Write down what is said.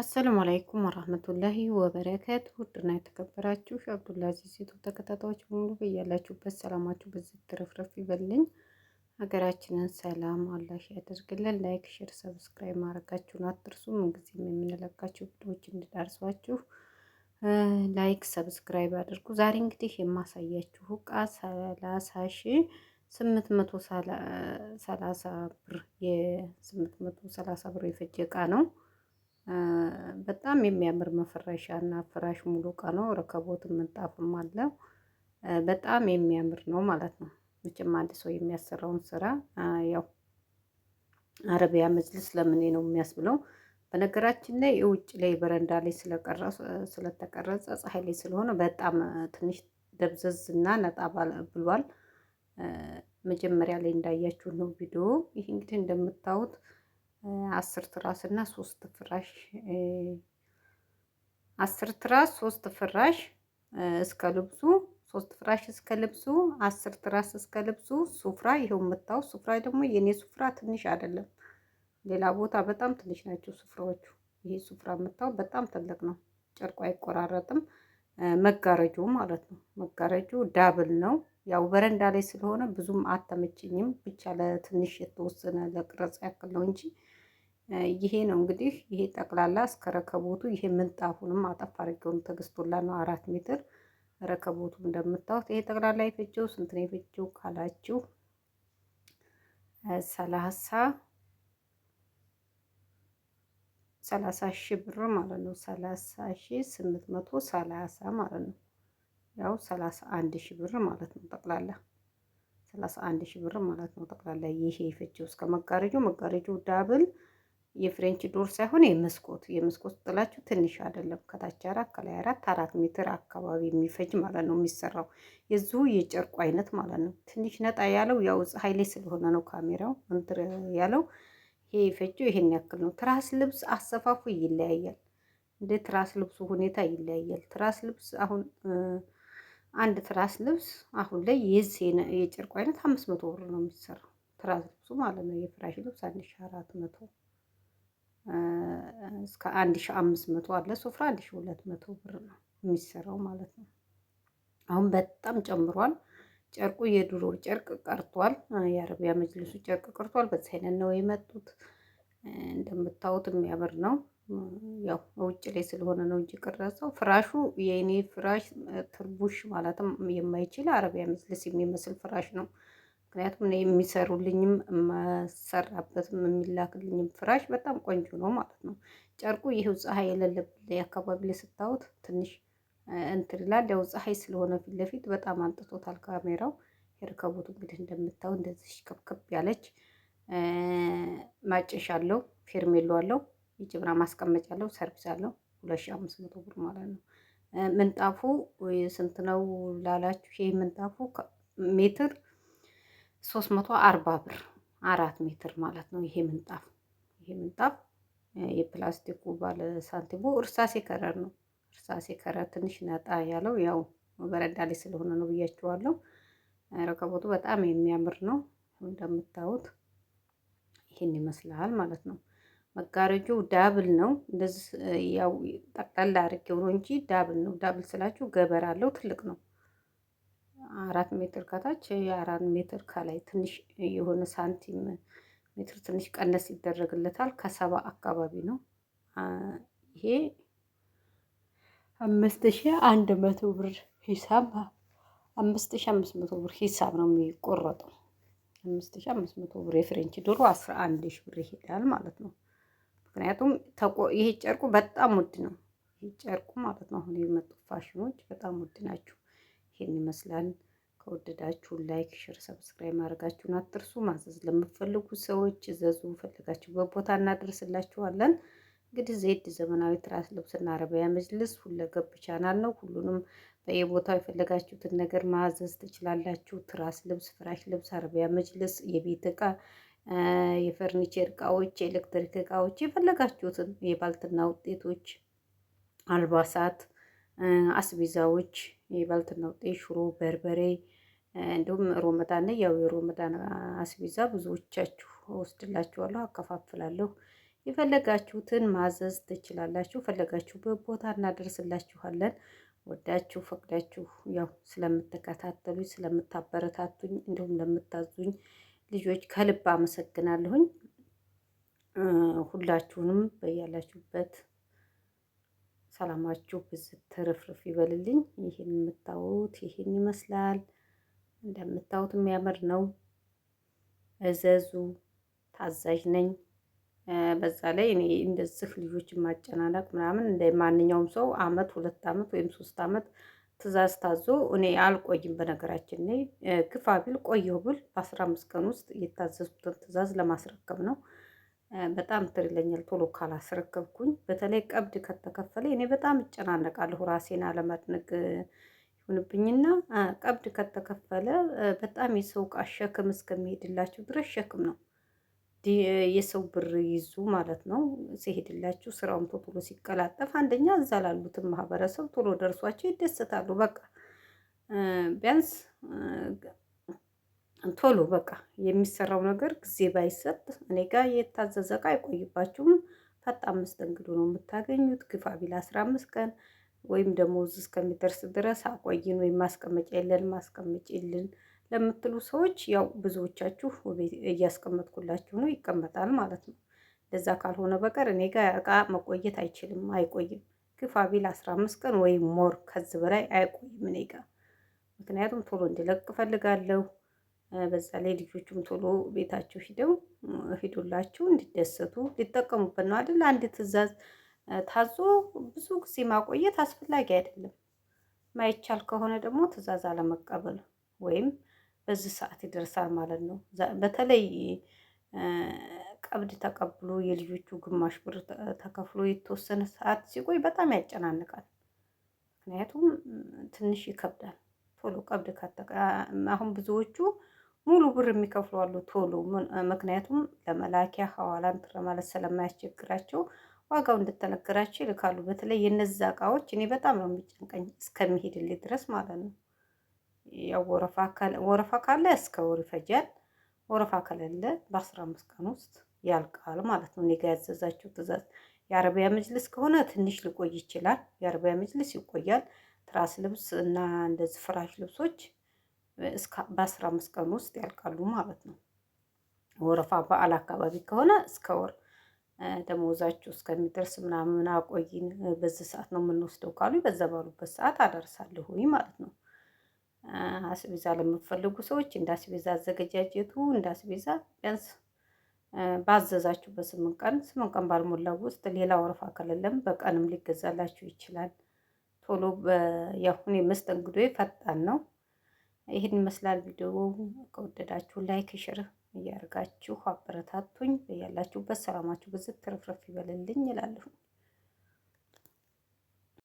አሰላሙ አለይኩም ወራህመቱላሂ ወበረከት ውድና የተከበራችሁ አብዱልአዚዝ ዩቱብ ተከታታዮች በሙሉ በያላችሁበት ሰላማችሁ በዚህ ትርፍርፍ ይበልኝ። ሀገራችንን ሰላም አላህ ያደርግልን። ላይክ፣ ሼር፣ ሰብስክራይብ ማድረጋችሁን አትርሱ። ምንጊዜም የምንለቃችሁ ቪዲዮዎች እንዲደርሷችሁ ላይክ፣ ሰብስክራይብ አድርጉ። ዛሬ እንግዲህ የማሳያችሁ እቃ ሰላሳ ሺ ስምንት መቶ ሰላሳ ብር የስምንት መቶ ሰላሳ ብር የፈጀ እቃ ነው። በጣም የሚያምር መፈረሻ እና ፍራሽ ሙሉ እቃ ነው። ረከቦትም ምንጣፍም አለው። በጣም የሚያምር ነው ማለት ነው። መቼም አንድ ሰው የሚያሰራውን ስራ ያው አረቢያ መጅልስ ለምኔ ነው የሚያስብለው። በነገራችን ላይ ውጭ ላይ በረንዳ ላይ ስለተቀረጸ ፀሐይ ላይ ስለሆነ በጣም ትንሽ ደብዘዝ እና ነጣ ብሏል። መጀመሪያ ላይ እንዳያችሁ ነው ቪዲዮ። ይህ እንግዲህ እንደምታዩት አስር ትራስ እና ሶስት ፍራሽ አስር ትራስ ሶስት ፍራሽ እስከ ልብሱ ሶስት ፍራሽ እስከ ልብሱ አስር ትራስ እስከ ልብሱ ሱፍራ ይኸው የምታው ሱፍራ ደግሞ የኔ ሱፍራ ትንሽ አይደለም። ሌላ ቦታ በጣም ትንሽ ናቸው ሱፍራዎቹ። ይሄ ሱፍራ የምታው በጣም ትልቅ ነው። ጨርቁ አይቆራረጥም። መጋረጁ ማለት ነው። መጋረጁ ዳብል ነው። ያው በረንዳ ላይ ስለሆነ ብዙም አተመችኝም። ብቻ ለትንሽ የተወሰነ ለቅረጽ ያክል ነው እንጂ ይሄ ነው እንግዲህ ይሄ ጠቅላላ እስከ ረከቦቱ ይሄ ምንጣፉንም አጠፍ አድርጌውን ተገዝቶላ ነው አራት ሜትር ረከቦቱ እንደምታዩት ይሄ ጠቅላላ የፈጀው ስንት ነው የፈጀው ካላችሁ ሰላሳ ሰላሳ ሺ ብር ማለት ነው። ሰላሳ ሺ ስምንት መቶ ሰላሳ ማለት ነው። ያው ሰላሳ አንድ ሺ ብር ማለት ነው። ጠቅላላ ሰላሳ አንድ ሺ ብር ማለት ነው። ጠቅላላ ይሄ የፈጀው እስከ መጋረጃው መጋረጃው ዳብል የፍሬንች ዶር ሳይሆን የመስኮት የመስኮት ጥላችሁ ትንሽ አይደለም። ከታች አራት ከላይ አራት አራት ሜትር አካባቢ የሚፈጅ ማለት ነው የሚሰራው የዚሁ የጨርቁ አይነት ማለት ነው። ትንሽ ነጣ ያለው ያው ሀይሌ ስለሆነ ነው ካሜራው እንትር ያለው። ይሄ የፈጀው ይሄን ያክል ነው። ትራስ ልብስ አሰፋፉ ይለያያል። እንደ ትራስ ልብሱ ሁኔታ ይለያያል። ትራስ ልብስ አሁን አንድ ትራስ ልብስ አሁን ላይ የዚህ የጨርቁ አይነት አምስት መቶ ብር ነው የሚሰራው ትራስ ልብሱ ማለት ነው። የፍራሽ ልብስ አንድ ሺ አራት መቶ እስከ አንድ ሺ አምስት መቶ አለ ሱፍራ አንድ ሺ ሁለት መቶ ብር ነው የሚሰራው ማለት ነው። አሁን በጣም ጨምሯል። ጨርቁ የድሮ ጨርቅ ቀርቷል። የአረቢያ መጅልሱ ጨርቅ ቀርቷል። በዚህ አይነት ነው የመጡት። እንደምታዩት የሚያምር ነው። ያው ውጭ ላይ ስለሆነ ነው እንጂ ቀረጸው። ፍራሹ የኔ ፍራሽ ትርቡሽ ማለትም የማይችል አረቢያ መጅልስ የሚመስል ፍራሽ ነው። ምክንያቱም እኔ የሚሰሩልኝም የማሰራበትም የሚላክልኝም ፍራሽ በጣም ቆንጆ ነው ማለት ነው። ጨርቁ ይህው ፀሐይ የሌለበት አካባቢ ላይ ስታዩት ትንሽ እንትን ይላል። ያው ፀሐይ ስለሆነ ፊት ለፊት በጣም አንጥቶታል ካሜራው። የርከቦቱ እንግዲህ እንደምታዩ እንደዚህ ከብከብ ያለች ማጨሻ አለው፣ ፌርሜሎ አለው፣ የጀበና ማስቀመጫ አለው፣ ሰርቪስ አለው። ሁለት ሺህ አምስት መቶ ብር ማለት ነው። ምንጣፉ ስንት ነው ላላችሁ ይሄ ምንጣፉ ሜትር ሶስት መቶ አርባ ብር አራት ሜትር ማለት ነው። ይሄ ምንጣፍ ይሄ ምንጣፍ የፕላስቲኩ ባለ ሳንቲሙ እርሳሴ ከረር ነው። እርሳሴ ከረር ትንሽ ነጣ ያለው ያው በረዳ ላይ ስለሆነ ነው ብያችኋለሁ። ረከቦቱ በጣም የሚያምር ነው እንደምታዩት ይህን ይመስላል ማለት ነው። መጋረጃው ዳብል ነው። እንደዚህ ያው ጠቅላላ አድርጌው ነው እንጂ ዳብል ነው። ዳብል ስላችሁ ገበር አለው ትልቅ ነው። አራት ሜትር ከታች የአራት ሜትር ከላይ ትንሽ የሆነ ሳንቲም ሜትር ትንሽ ቀነስ ይደረግለታል። ከሰባ አካባቢ ነው ይሄ አምስት ሺ አንድ መቶ ብር ሂሳብ አምስት ሺ አምስት መቶ ብር ሂሳብ ነው የሚቆረጠው። አምስት ሺ አምስት መቶ ብር የፍሬንች ዶሮ አስራ አንድ ሺ ብር ይሄዳል ማለት ነው። ምክንያቱም ይሄ ጨርቁ በጣም ውድ ነው። ይህ ጨርቁ ማለት ነው። አሁን የመጡ ፋሽኖች በጣም ውድ ናቸው። ይሄን ይመስላል። ከወደዳችሁ ላይክ፣ ሸር ሰብስክራይብ ማድረጋችሁን አትርሱ። ማዘዝ ለምትፈልጉ ሰዎች እዘዙ፣ ፈለጋችሁበት ቦታ እናደርስላችኋለን። እንግዲህ ዜድ ዘመናዊ ትራስ ልብስና አረቢያ መጅልስ ሁለገብ ቻናል ነው። ሁሉንም በየቦታው የፈለጋችሁትን ነገር ማዘዝ ትችላላችሁ። ትራስ ልብስ፣ ፍራሽ ልብስ፣ አረቢያ መጅልስ፣ የቤት እቃ፣ የፈርኒቸር እቃዎች፣ የኤሌክትሪክ እቃዎች፣ የፈለጋችሁትን የባልትና ውጤቶች፣ አልባሳት፣ አስቤዛዎች፣ የባልትና ውጤት፣ ሽሮ፣ በርበሬ እንዲሁም ሮመዳን ላይ ያው የሮመዳን አስቤዛ ብዙዎቻችሁ ወስድላችኋለሁ፣ አከፋፍላለሁ። የፈለጋችሁትን ማዘዝ ትችላላችሁ። ፈለጋችሁበት ቦታ እናደርስላችኋለን። ወዳችሁ ፈቅዳችሁ ያው ስለምትከታተሉኝ ስለምታበረታቱኝ እንዲሁም ለምታዙኝ ልጆች ከልብ አመሰግናለሁኝ። ሁላችሁንም በያላችሁበት ሰላማችሁ ብዝት ትርፍርፍ ይበልልኝ። ይህን የምታዩት ይህን ይመስላል። እንደምታዩት የሚያምር ነው። እዘዙ፣ ታዛዥ ነኝ። በዛ ላይ እኔ እንደዚህ ልጆች ማጨናነቅ ምናምን እንደ ማንኛውም ሰው አመት ሁለት አመት ወይም ሶስት አመት ትእዛዝ ታዞ እኔ አልቆይም። በነገራችን ላይ ግፋ ቢል ቆየሁ ብል በአስራ አምስት ቀን ውስጥ የታዘዝኩትን ትእዛዝ ለማስረከብ ነው። በጣም ትሪለኛል ቶሎ ካላስረከብኩኝ፣ በተለይ ቀብድ ከተከፈለ እኔ በጣም እጨናነቃለሁ ራሴን አለማድነቅ ይሁንብኝና ቀብድ ከተከፈለ በጣም የሰው ዕቃ ሸክም እስከሚሄድላችሁ ድረስ ሸክም ነው። የሰው ብር ይዙ ማለት ነው። ሲሄድላችሁ ስራውን ቶሎ ሲቀላጠፍ አንደኛ እዛ ላሉትን ማህበረሰብ ቶሎ ደርሷቸው ይደሰታሉ። በቃ ቢያንስ ቶሎ በቃ የሚሰራው ነገር ጊዜ ባይሰጥ እኔ ጋር የታዘዘ ዕቃ አይቆይባችሁም። ፈጣን መስተንግዶ ነው የምታገኙት። ግፋ ቢል አስራ አምስት ቀን ወይም ደሞዝ እስከሚደርስ ድረስ አቆይን ወይም ማስቀመጫ የለን ማስቀመጭልን ለምትሉ ሰዎች ያው ብዙዎቻችሁ እያስቀመጥኩላችሁ ነው፣ ይቀመጣል ማለት ነው። እንደዛ ካልሆነ በቀር እኔ ጋር እቃ መቆየት አይችልም፣ አይቆይም። ግፋ ቢል አስራ አምስት ቀን ወይም ሞር ከዚ በላይ አይቆይም እኔ ጋር ምክንያቱም ቶሎ እንዲለቅ እፈልጋለሁ። በዛ ላይ ልጆቹም ቶሎ ቤታቸው ሂደው ሂዱላችሁ እንዲደሰቱ ሊጠቀሙበት ነው አይደል? አንድ ትዕዛዝ ታዞ ብዙ ጊዜ ማቆየት አስፈላጊ አይደለም። ማይቻል ከሆነ ደግሞ ትዕዛዝ አለመቀበል ወይም በዚህ ሰዓት ይደርሳል ማለት ነው። በተለይ ቀብድ ተቀብሎ የልጆቹ ግማሽ ብር ተከፍሎ የተወሰነ ሰዓት ሲቆይ በጣም ያጨናንቃል። ምክንያቱም ትንሽ ይከብዳል። ቶሎ ቀብድ አሁን ብዙዎቹ ሙሉ ብር የሚከፍሉ አሉ ቶሎ ምክንያቱም ለመላኪያ ሐዋላን ለማለት ስለማያስቸግራቸው ዋጋው እንደተነገራቸው ይልካሉ። በተለይ የነዛ እቃዎች እኔ በጣም ነው የሚጨንቀኝ እስከሚሄድልኝ ድረስ ማለት ነው። ያው ወረፋ ካለ እስከ ወር ይፈጃል። ወረፋ ከሌለ በአስራ አምስት ቀን ውስጥ ያልቃል ማለት ነው። እኔ ጋ ያዘዛቸው ትእዛዝ የአረቢያ መጅልስ ከሆነ ትንሽ ሊቆይ ይችላል። የአረቢያ መጅልስ ይቆያል። ትራስ ልብስ እና እንደዚህ ፍራሽ ልብሶች በአስራ አምስት ቀን ውስጥ ያልቃሉ ማለት ነው። ወረፋ በዓል አካባቢ ከሆነ እስከ ወር ደመወዛችሁ እስከሚደርስ ምናምን አቆይን፣ በዚህ ሰዓት ነው የምንወስደው ካሉ በዛ ባሉበት ሰዓት አደርሳለሁ ማለት ነው። አስቤዛ ለምትፈልጉ ሰዎች እንደ አስቤዛ አዘገጃጀቱ እንደ አስቤዛ ቢያንስ ባዘዛችሁ በስምንት ቀን ስምንት ቀን ባልሞላው ውስጥ ሌላ ወረፋ ከሌለም በቀንም ሊገዛላችሁ ይችላል። ቶሎ ያሁን መስተንግዶ ፈጣን ነው። ይህን ይመስላል ቪዲዮ። ከወደዳችሁ ላይክ ሽርህ እያደርጋችሁ አበረታቱኝ። እያላችሁበት ሰላማችሁ ብዝት ትርፍርፍ ይበልልኝ ይላለሁ።